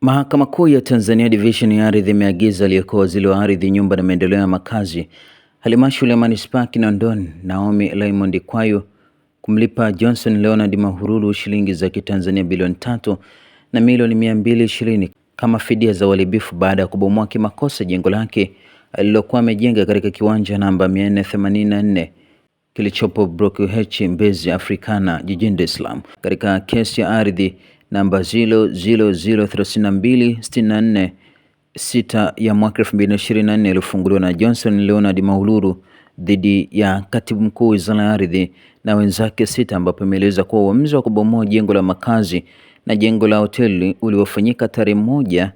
Mahakama Kuu ya Tanzania Division ya Ardhi imeagiza aliyekuwa waziri wa ardhi, nyumba na maendeleo ya makazi halmashauri ya manispaa Kinondoni, Naomi Raymond Kwayo kumlipa Johnson Leonard Mahururu shilingi za Kitanzania bilioni tatu na milioni mia mbili ishirini kama fidia za uharibifu baada ya kubomoa kimakosa jengo lake alilokuwa amejenga katika kiwanja namba 484 kilichopo Block H Mbezi Africana jijini Dar es Salaam katika kesi ya ardhi namba 0003264 sita ya mwaka 2024 iliyofunguliwa na Johnson Leonard Mahururu dhidi ya katibu mkuu wizara ya ardhi na wenzake sita, ambapo imeeleza kuwa uamuzi wa kubomoa jengo la makazi na jengo la hoteli uliofanyika tarehe moja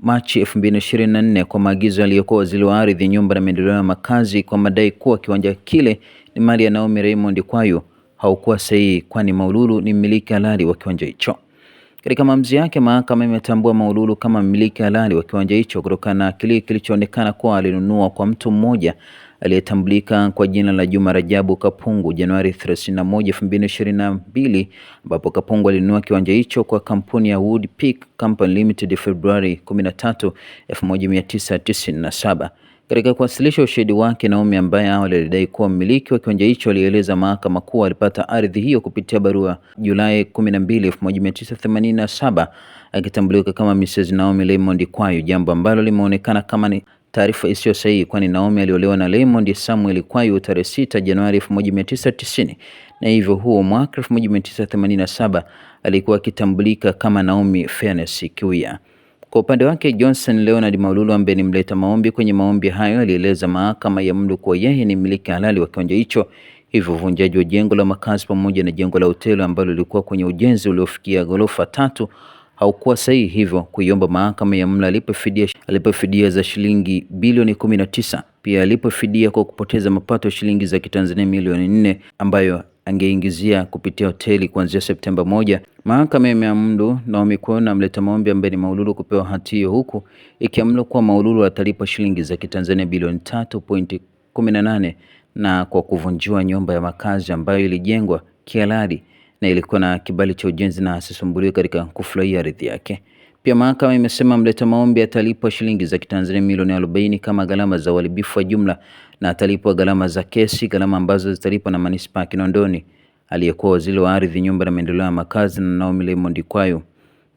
Machi 2024 kwa maagizo yaliyokuwa waziri wa ardhi, nyumba na maendeleo ya makazi kwa madai kuwa kiwanja kile ni mali ya Naomi Raymond Kwayo haukuwa sahihi, kwani Maululu ni mmiliki halali wa kiwanja hicho. Katika maamuzi yake, mahakama imetambua Maululu kama mmiliki halali wa kiwanja hicho kutokana na kile kilichoonekana kuwa alinunua kwa mtu mmoja aliyetambulika kwa jina la Juma Rajabu Kapungu Januari 31, 2022 ambapo Kapungu alinunua kiwanja hicho kwa kampuni ya Woodpeak Company Limited Februari 13, 1997. Katika kuwasilisha ushahidi wake, Naomi ambaye awali alidai kuwa mmiliki wa kiwanja hicho alieleza mahakama kuwa alipata ardhi hiyo kupitia barua Julai 12, 1987 akitambulika kama Mrs. Naomi Raymond Kwayo, jambo ambalo limeonekana kama ni taarifa isiyo sahihi, kwani Naomi aliolewa na Raymond Samuel Kwayo tarehe 6 Januari 1990 na hivyo huo mwaka 1987 alikuwa akitambulika kama Naomi Fairness Kiwia. Kwa upande wake Johnson Leonard Maululu ambaye ni mleta maombi kwenye maombi hayo alieleza mahakama ya Mlu kuwa yeye ni mmiliki halali wa kiwanja hicho, hivyo uvunjaji wa jengo la makazi pamoja na jengo la hoteli ambalo lilikuwa kwenye ujenzi uliofikia ghorofa tatu haukuwa sahihi, hivyo kuiomba mahakama ya Mlu alipe fidia, alipe fidia za shilingi bilioni kumi na tisa. Pia alipe fidia kwa kupoteza mapato ya shilingi za Kitanzania milioni nne ambayo angeingizia kupitia hoteli kuanzia Septemba moja. Mahakama imeamuru Naomi Kweo na mleta maombi ambaye ni Maululu kupewa hati hiyo huku ikiamuru kuwa Maululu atalipa shilingi za Kitanzania bilioni 3.18 na kwa kuvunjiwa nyumba ya makazi ambayo ilijengwa kihalali na ilikuwa na kibali cha ujenzi na asisumbuliwe katika kufurahia ardhi yake. Pia mahakama imesema mleta maombi atalipwa shilingi za Kitanzania milioni 40 kama gharama za uharibifu wa jumla na atalipwa gharama za kesi, gharama ambazo zitalipwa na manispaa ya Kinondoni, aliyekuwa waziri wa ardhi, nyumba na maendeleo ya makazi na Naomi Raymond Kwayo.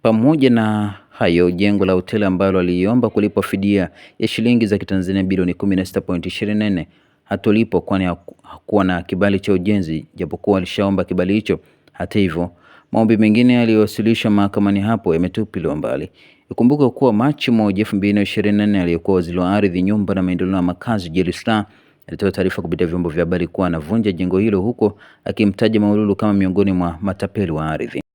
Pamoja na hayo, jengo la hoteli ambalo aliomba kulipwa fidia ya shilingi za Kitanzania bilioni 16.24 hatolipo kwani hakuwa na kibali cha ujenzi, japokuwa alishaomba kibali hicho. Hata hivyo, maombi mengine yaliyowasilishwa mahakamani hapo yametupiliwa mbali. Ikumbuka kuwa Machi moja 2024 aliyekuwa waziri wa ardhi, nyumba na maendeleo ya makazi Jerry Slaa alitoa taarifa kupitia vyombo vya habari kuwa anavunja jengo hilo huko akimtaja Maululu kama miongoni mwa matapeli wa ardhi.